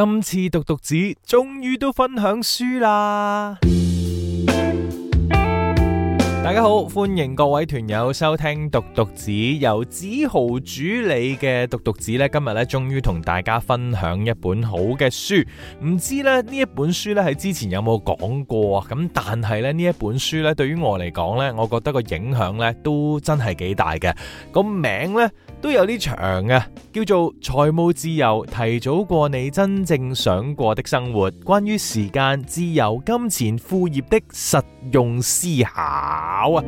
今次獨讀子終於都分享書啦！大家好，歡迎各位團友收聽獨讀子，由梓豪主理嘅獨讀子呢，今日呢終於同大家分享一本好嘅書。唔知呢呢一本書呢喺之前有冇講過啊？咁但係呢呢一本書呢對於我嚟講呢，我覺得個影響呢都真係幾大嘅。個名呢。都有啲長嘅，啊，叫做財務自由，提早過你真正想過的生活。關於時間、自由、金錢、副業的實用思考啊！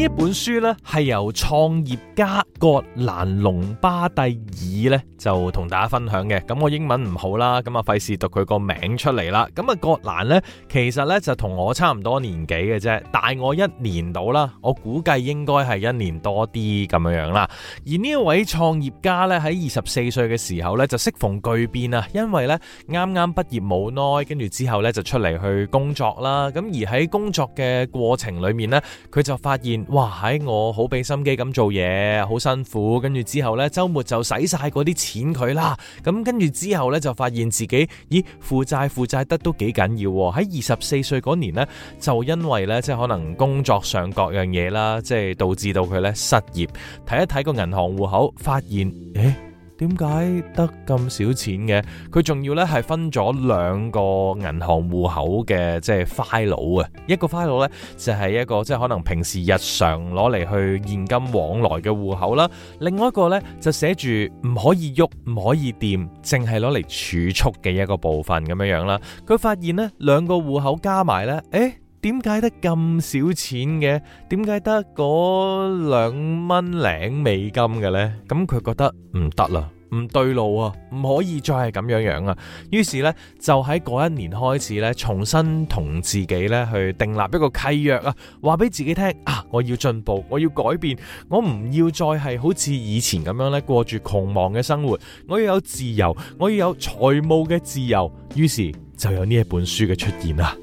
呢本書呢，係由創業家葛蘭龍巴蒂爾呢，就同大家分享嘅。咁我英文唔好啦，咁啊費事讀佢個名出嚟啦。咁啊葛蘭呢，其實呢，就同我差唔多年紀嘅啫，大我一年到啦。我估計應該係一年多啲咁樣樣啦。而呢一位創業家呢，喺二十四歲嘅時候呢，就適逢巨變啊，因為呢，啱啱畢業冇耐，跟住之後呢，就出嚟去工作啦。咁而喺工作嘅過程裡面呢，佢就發現。哇！喺我好俾心機咁做嘢，好辛苦。跟住之後呢，週末就使晒嗰啲錢佢啦。咁跟住之後呢，就發現自己，咦負債負債得都幾緊要喎。喺二十四歲嗰年呢，就因為呢，即係可能工作上各樣嘢啦，即係導致到佢呢失業。睇一睇個銀行戶口，發現，誒。點解得咁少錢嘅？佢仲要咧係分咗兩個銀行戶口嘅，即係 file 啊，一個 file 咧就係一個即係可能平時日常攞嚟去現金往來嘅戶口啦，另外一個咧就寫住唔可以喐、唔可以掂，淨係攞嚟儲蓄嘅一個部分咁樣樣啦。佢發現咧兩個戶口加埋咧，誒、欸。點解得咁少錢嘅？點解得嗰兩蚊零美金嘅呢？咁佢覺得唔得啦，唔對路啊，唔可以再係咁樣樣啊。於是呢，就喺嗰一年開始呢，重新同自己呢去訂立一個契約啊，話俾自己聽啊，我要進步，我要改變，我唔要再係好似以前咁樣咧過住窮忙嘅生活，我要有自由，我要有財務嘅自由。於是就有呢一本書嘅出現啦。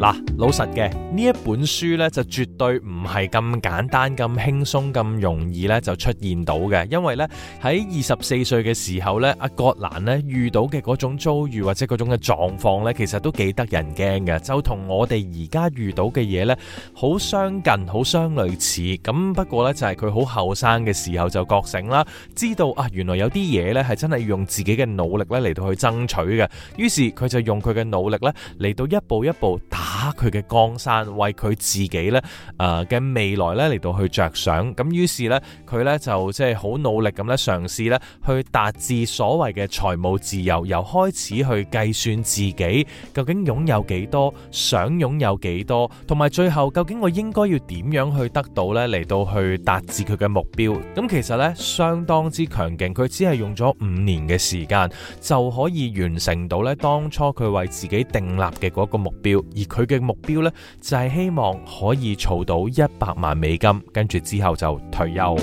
嗱，老實嘅呢一本書呢，就絕對唔係咁簡單、咁輕鬆、咁容易呢就出現到嘅。因為呢，喺二十四歲嘅時候、啊、呢，阿葛蘭呢遇到嘅嗰種遭遇或者嗰種嘅狀況呢，其實都幾得人驚嘅。就同我哋而家遇到嘅嘢呢，好相近、好相類似。咁不過呢，就係佢好後生嘅時候就覺醒啦，知道啊原來有啲嘢呢係真係要用自己嘅努力呢嚟到去爭取嘅。於是佢就用佢嘅努力呢嚟到一步一步。打佢嘅江山，為佢自己咧誒嘅未來咧嚟到去着想，咁於是咧佢咧就即係好努力咁咧嘗試咧去達至所謂嘅財務自由，由開始去計算自己究竟擁有幾多，想擁有幾多，同埋最後究竟我應該要點樣去得到咧嚟到去達至佢嘅目標。咁其實咧相當之強勁，佢只係用咗五年嘅時間就可以完成到咧當初佢為自己訂立嘅嗰個目標，而佢嘅目標呢，就係希望可以儲到一百萬美金，跟住之後就退休。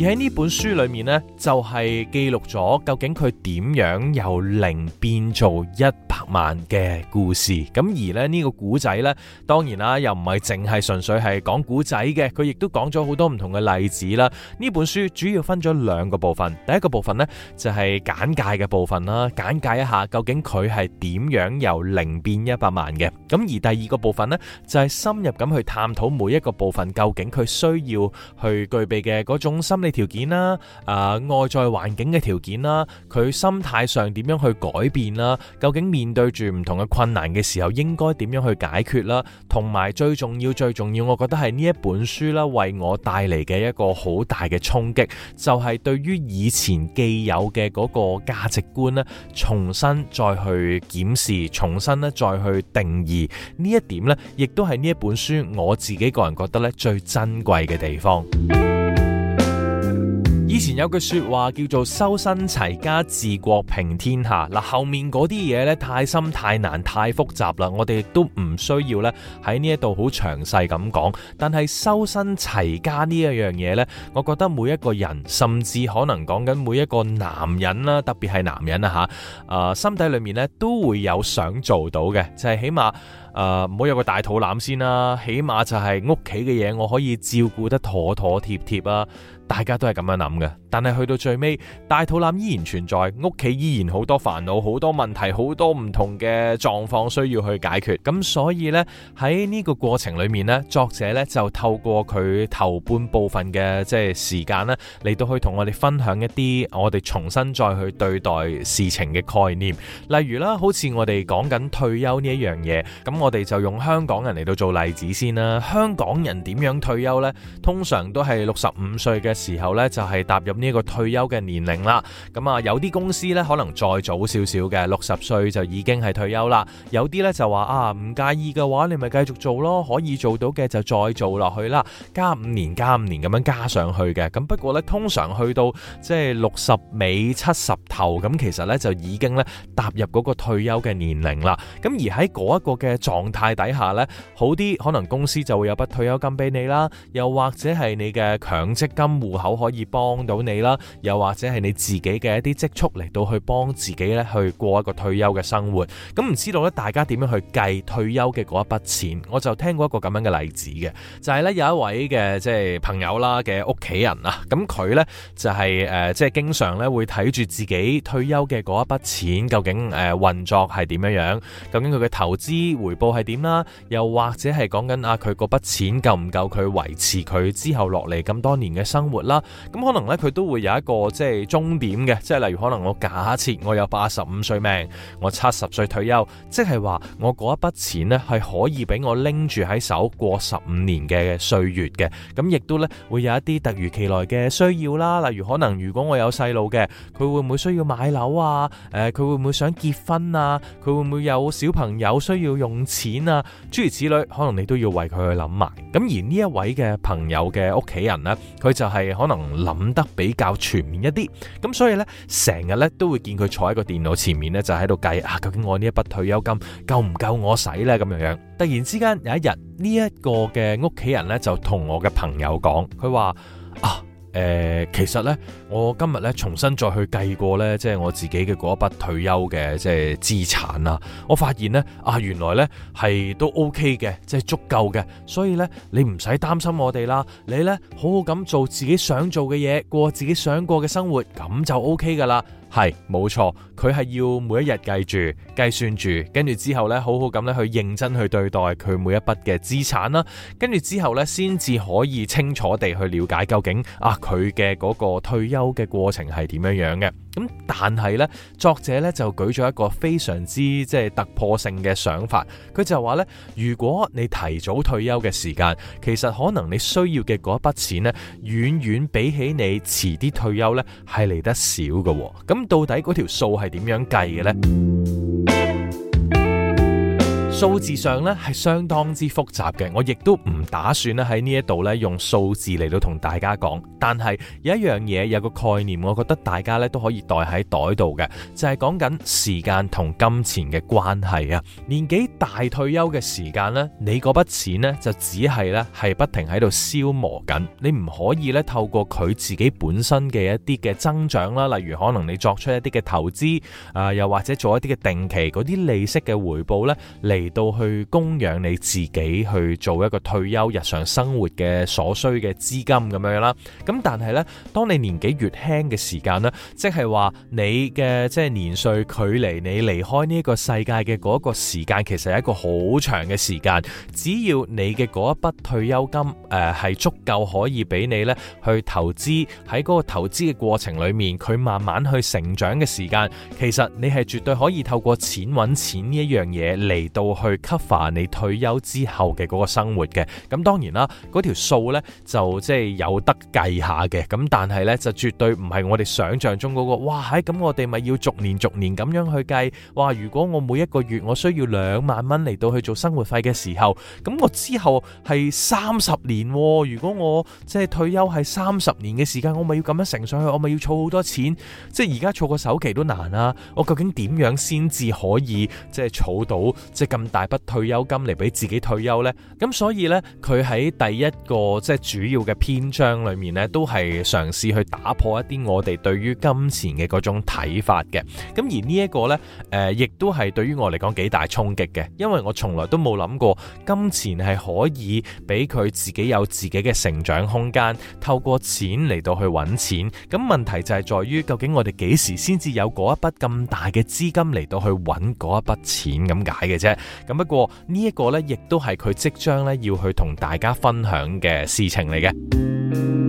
而喺呢本書裏面咧，就係記錄咗究竟佢點樣由零變做一百萬嘅故事。咁而咧呢個古仔咧，當然啦，又唔係淨係純粹係講古仔嘅，佢亦都講咗好多唔同嘅例子啦。呢本書主要分咗兩個部分，第一個部分咧就係簡介嘅部分啦，簡介一下究竟佢係點樣由零變一百萬嘅。咁而第二個部分咧就係深入咁去探討每一個部分究竟佢需要去具備嘅嗰種心理。條件啦，誒、呃，外在環境嘅條件啦，佢心態上點樣去改變啦？究竟面對住唔同嘅困難嘅時候，應該點樣去解決啦？同埋最重要、最重要，我覺得係呢一本書啦，為我帶嚟嘅一個好大嘅衝擊，就係、是、對於以前既有嘅嗰個價值觀咧，重新再去檢視，重新咧再去定義。呢一點呢，亦都係呢一本書我自己個人覺得咧最珍貴嘅地方。以前有句說話叫做修身齊家治國平天下，嗱後面嗰啲嘢咧太深太難太複雜啦，我哋都唔需要咧喺呢一度好詳細咁講。但係修身齊家呢一樣嘢呢，我覺得每一個人甚至可能講緊每一個男人啦，特別係男人啦吓，誒、呃、心底裏面呢，都會有想做到嘅，就係、是、起碼誒唔好有個大肚腩先啦，起碼就係屋企嘅嘢我可以照顧得妥妥貼貼啊。大家都係咁樣諗嘅，但係去到最尾，大肚腩依然存在，屋企依然好多煩惱，好多問題，好多唔同嘅狀況需要去解決。咁所以呢，喺呢個過程裏面呢，作者呢就透過佢頭半部分嘅即係時間呢嚟到去同我哋分享一啲我哋重新再去對待事情嘅概念。例如啦，好似我哋講緊退休呢一樣嘢，咁我哋就用香港人嚟到做例子先啦。香港人點樣退休呢？通常都係六十五歲嘅。時候咧就係、是、踏入呢個退休嘅年齡啦，咁、嗯、啊有啲公司咧可能再早少少嘅，六十歲就已經係退休啦。有啲咧就話啊唔介意嘅話，你咪繼續做咯，可以做到嘅就再做落去啦，加五年加五年咁樣加上去嘅。咁、嗯、不過咧通常去到即係六十尾七十頭咁、嗯，其實咧就已經咧踏入嗰個退休嘅年齡啦。咁、嗯、而喺嗰一個嘅狀態底下咧，好啲可能公司就會有筆退休金俾你啦，又或者係你嘅強積金。戶口可以幫到你啦，又或者係你自己嘅一啲積蓄嚟到去幫自己咧去過一個退休嘅生活。咁唔知道咧，大家點樣去計退休嘅嗰一筆錢？我就聽過一個咁樣嘅例子嘅，就係咧有一位嘅即係朋友啦嘅屋企人啊，咁佢呢，就係誒即係經常咧會睇住自己退休嘅嗰一筆錢究竟誒運作係點樣樣，究竟佢嘅投資回報係點啦，又或者係講緊啊佢嗰筆錢夠唔夠佢維持佢之後落嚟咁多年嘅生活。啦，咁可能咧，佢都會有一個即係終點嘅，即係例如可能我假設我有八十五歲命，我七十歲退休，即係話我嗰一筆錢咧，係可以俾我拎住喺手過十五年嘅歲月嘅，咁亦都咧會有一啲突如其來嘅需要啦，例如可能如果我有細路嘅，佢會唔會需要買樓啊？誒、呃，佢會唔會想結婚啊？佢會唔會有小朋友需要用錢啊？諸如此類，可能你都要為佢去諗埋。咁而呢一位嘅朋友嘅屋企人咧，佢就係、是。係可能諗得比較全面一啲，咁所以呢，成日呢都會見佢坐喺個電腦前面呢，就喺度計啊，究竟我呢一筆退休金夠唔夠我使呢？咁樣樣突然之間有一日呢，一個嘅屋企人呢，就同我嘅朋友講，佢話啊。誒、呃，其實呢，我今日呢重新再去計過呢，即係我自己嘅嗰一筆退休嘅即係資產啦，我發現呢，啊，原來呢係都 OK 嘅，即係足夠嘅，所以呢，你唔使擔心我哋啦，你呢好好咁做自己想做嘅嘢，過自己想過嘅生活，咁就 OK 噶啦。係冇錯，佢係要每一日計住、計算住，跟住之後呢，好好咁咧，去認真去對待佢每一筆嘅資產啦，跟住之後呢，先至可以清楚地去了解究竟啊佢嘅嗰個退休嘅過程係點樣樣嘅。但係咧，作者咧就舉咗一個非常之即係突破性嘅想法，佢就話咧，如果你提早退休嘅時間，其實可能你需要嘅嗰一筆錢咧，遠遠比起你遲啲退休咧係嚟得少嘅，哦。咁到底嗰條數係點樣計嘅呢？數字上咧係相當之複雜嘅，我亦都唔打算咧喺呢一度咧用數字嚟到同大家講。但係有一樣嘢有個概念，我覺得大家咧都可以袋喺袋度嘅，就係講緊時間同金錢嘅關係啊。年紀大退休嘅時間呢，你嗰筆錢呢就只係咧係不停喺度消磨緊，你唔可以咧透過佢自己本身嘅一啲嘅增長啦，例如可能你作出一啲嘅投資啊、呃，又或者做一啲嘅定期嗰啲利息嘅回報呢。嚟。到去供養你自己去做一個退休日常生活嘅所需嘅資金咁樣啦，咁但係咧，當你年紀越輕嘅時間咧，即係話你嘅即係年歲距離你離開呢一個世界嘅嗰一個時間，其實係一個好長嘅時間。只要你嘅嗰一筆退休金誒係、呃、足夠可以俾你咧去投資喺嗰個投資嘅過程裏面，佢慢慢去成長嘅時間，其實你係絕對可以透過錢搵錢呢一樣嘢嚟到。去 cover 你退休之後嘅嗰個生活嘅，咁當然啦，嗰條數咧就即係有得計下嘅，咁但係咧就絕對唔係我哋想象中嗰個，哇！咁、哎、我哋咪要逐年逐年咁樣去計哇！如果我每一個月我需要兩萬蚊嚟到去做生活費嘅時候，咁我之後係三十年，哦，如果我即係退休係三十年嘅時間，我咪要咁樣乘上去，我咪要儲好多錢，即係而家儲個首期都難啊，我究竟點樣先至可以即係儲到即係咁？大筆退休金嚟俾自己退休呢，咁所以呢，佢喺第一個即係主要嘅篇章裏面呢，都係嘗試去打破一啲我哋對於金錢嘅嗰種睇法嘅。咁而呢一個呢，誒、呃，亦都係對於我嚟講幾大衝擊嘅，因為我從來都冇諗過金錢係可以俾佢自己有自己嘅成長空間，透過錢嚟到去揾錢。咁問題就係在於，究竟我哋幾時先至有嗰一筆咁大嘅資金嚟到去揾嗰一筆錢咁解嘅啫？咁不過呢一個咧，亦都係佢即將咧要去同大家分享嘅事情嚟嘅。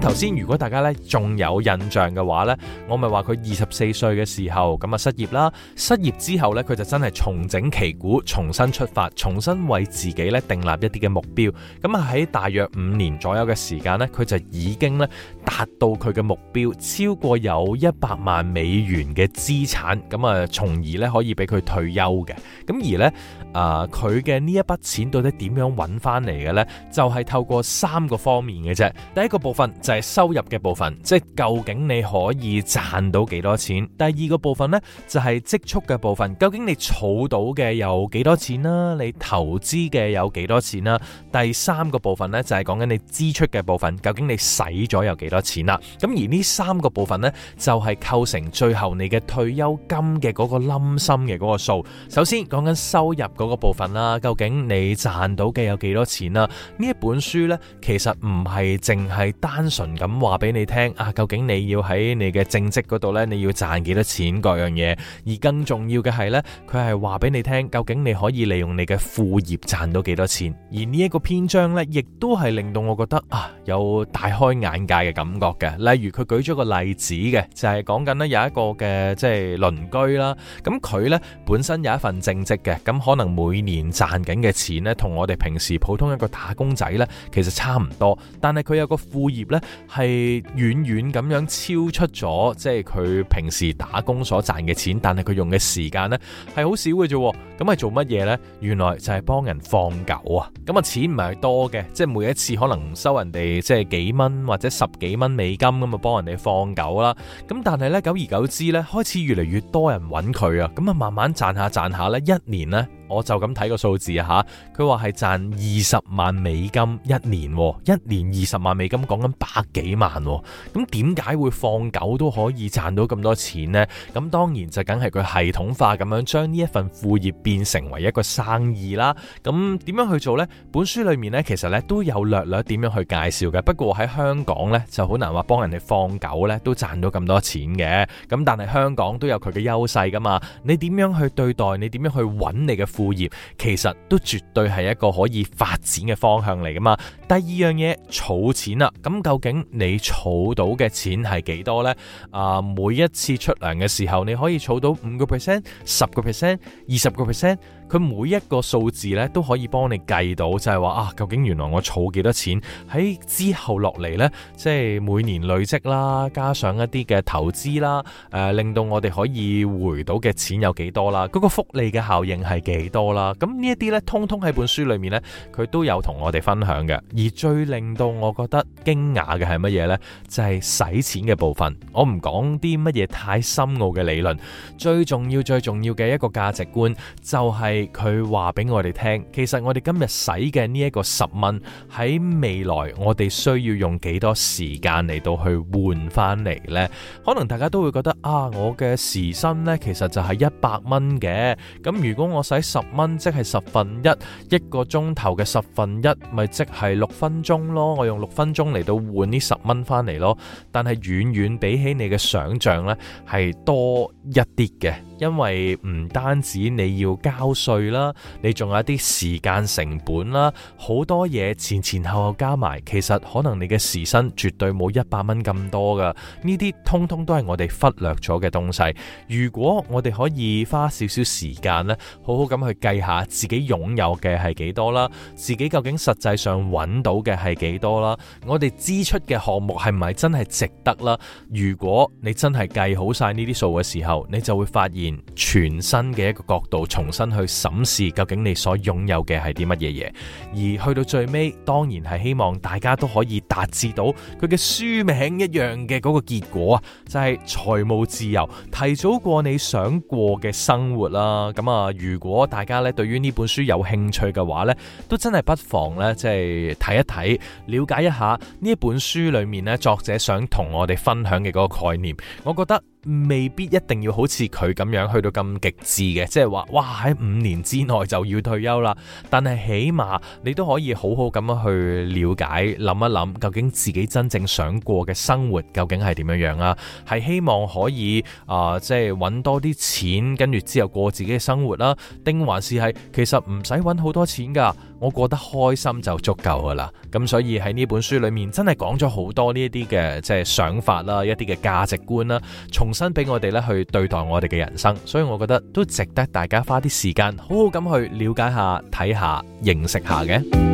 頭先如果大家咧仲有印象嘅話呢，我咪話佢二十四歲嘅時候，咁啊失業啦，失業之後呢，佢就真係重整旗鼓，重新出發，重新為自己咧訂立一啲嘅目標。咁啊喺大約五年左右嘅時間呢，佢就已經咧達到佢嘅目標，超過有一百萬美元嘅資產，咁啊從而呢可以俾佢退休嘅。咁而呢，啊佢嘅呢一筆錢到底點樣揾翻嚟嘅呢？就係透過三個方面嘅啫。第一個部分。就係收入嘅部分，即係究竟你可以賺到幾多錢？第二個部分呢，就係、是、積蓄嘅部分，究竟你儲到嘅有幾多錢啦、啊？你投資嘅有幾多錢啦、啊？第三個部分呢，就係講緊你支出嘅部分，究竟你使咗有幾多錢啦、啊？咁而呢三個部分呢，就係、是、構成最後你嘅退休金嘅嗰個冧心嘅嗰個數。首先講緊收入嗰個部分啦，究竟你賺到嘅有幾多錢啦、啊？呢一本書呢，其實唔係淨係單。咁話俾你聽啊，究竟你要喺你嘅正職嗰度呢？你要賺幾多錢？各樣嘢，而更重要嘅係呢，佢係話俾你聽，究竟你可以利用你嘅副業賺到幾多錢？而呢一個篇章呢，亦都係令到我覺得啊，有大開眼界嘅感覺嘅。例如佢舉咗個例子嘅，就係講緊呢，有一個嘅即係鄰居啦，咁佢呢本身有一份正職嘅，咁可能每年賺緊嘅錢呢，同我哋平時普通一個打工仔呢，其實差唔多，但係佢有個副業呢。係遠遠咁樣超出咗，即係佢平時打工所賺嘅錢，但係佢用嘅時間呢係好少嘅啫。咁係做乜嘢呢？原來就係幫人放狗啊。咁啊，錢唔係多嘅，即係每一次可能收人哋即係幾蚊或者十幾蚊美金咁啊，幫人哋放狗啦。咁但係呢，久而久之呢，開始越嚟越多人揾佢啊。咁啊，慢慢賺下賺下呢，一年呢。我就咁睇個數字啊吓佢話係賺二十萬美金一年，一年二十萬美金講緊百幾萬喎。咁點解會放狗都可以賺到咁多錢呢？咁當然就梗係佢系統化咁樣將呢一份副業變成為一個生意啦。咁點樣去做呢？本書裏面呢，其實呢都有略略點樣去介紹嘅。不過喺香港呢，就好難話幫人哋放狗呢都賺到咁多錢嘅。咁但係香港都有佢嘅優勢㗎嘛？你點樣去對待？你點樣去揾你嘅？物業其實都絕對係一個可以發展嘅方向嚟噶嘛。第二樣嘢，儲錢啦。咁、啊、究竟你儲到嘅錢係幾多呢？啊，每一次出糧嘅時候，你可以儲到五個 percent、十個 percent、二十個 percent。佢每一個數字咧，都可以幫你計到，就係話啊，究竟原來我儲幾多錢，喺之後落嚟咧，即係每年累積啦，加上一啲嘅投資啦，誒令到我哋可以回到嘅錢有幾多啦，嗰個複利嘅效應係幾多啦？咁呢一啲咧，通通喺本書裏面咧，佢都有同我哋分享嘅。而最令到我覺得驚訝嘅係乜嘢咧？就係使錢嘅部分，我唔講啲乜嘢太深奧嘅理論，最重要最重要嘅一個價值觀就係。佢話俾我哋聽，其實我哋今日使嘅呢一個十蚊，喺未來我哋需要用幾多時間嚟到去換翻嚟呢？可能大家都會覺得啊，我嘅時薪呢，其實就係一百蚊嘅。咁如果我使十蚊，即係十分一，一個鐘頭嘅十分一，咪即係六分鐘咯。我用六分鐘嚟到換呢十蚊翻嚟咯。但係遠遠比起你嘅想象呢，係多一啲嘅。因為唔單止你要交稅啦，你仲有一啲時間成本啦，好多嘢，前前後後加埋，其實可能你嘅時薪絕對冇一百蚊咁多噶。呢啲通通都係我哋忽略咗嘅東西。如果我哋可以花少少時間咧，好好咁去計下自己擁有嘅係幾多啦，自己究竟實際上揾到嘅係幾多啦，我哋支出嘅項目係唔係真係值得啦？如果你真係計好晒呢啲數嘅時候，你就會發現。全新嘅一個角度，重新去審視究竟你所擁有嘅係啲乜嘢嘢，而去到最尾，當然係希望大家都可以達至到佢嘅書名一樣嘅嗰個結果啊，就係、是、財務自由，提早過你想過嘅生活啦。咁啊，如果大家咧對於呢本書有興趣嘅話咧，都真係不妨咧即係睇一睇，了解一下呢一本書裏面咧作者想同我哋分享嘅嗰個概念，我覺得。未必一定要好似佢咁樣去到咁極致嘅，即係話，哇喺五年之內就要退休啦。但係起碼你都可以好好咁樣去了解，諗一諗究竟自己真正想過嘅生活究竟係點樣樣、啊、啦。係希望可以啊，即係揾多啲錢，跟住之後過自己嘅生活啦、啊。定還是係其實唔使揾好多錢噶。我覺得開心就足夠噶啦，咁所以喺呢本書裏面真係講咗好多呢一啲嘅即係想法啦，一啲嘅價值觀啦，重新俾我哋咧去對待我哋嘅人生，所以我覺得都值得大家花啲時間，好好咁去了解下、睇下、認識下嘅。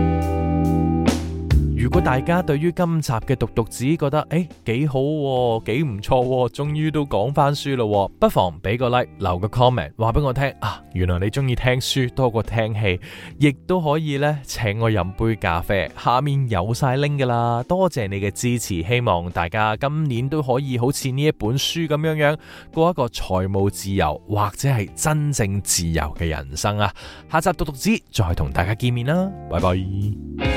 如果大家對於今集嘅讀讀子覺得誒，欸，幾好啊，幾唔錯，終於都講翻書啦，啊，不妨俾個 like，留個 comment，話俾我聽啊！原來你中意聽書多過聽戲，亦都可以咧，請我飲杯咖啡。下面有晒 link 噶啦，多謝你嘅支持，希望大家今年都可以好似呢一本書咁樣樣，過一個財務自由或者係真正自由嘅人生啊！下集讀讀子再同大家見面啦，拜拜。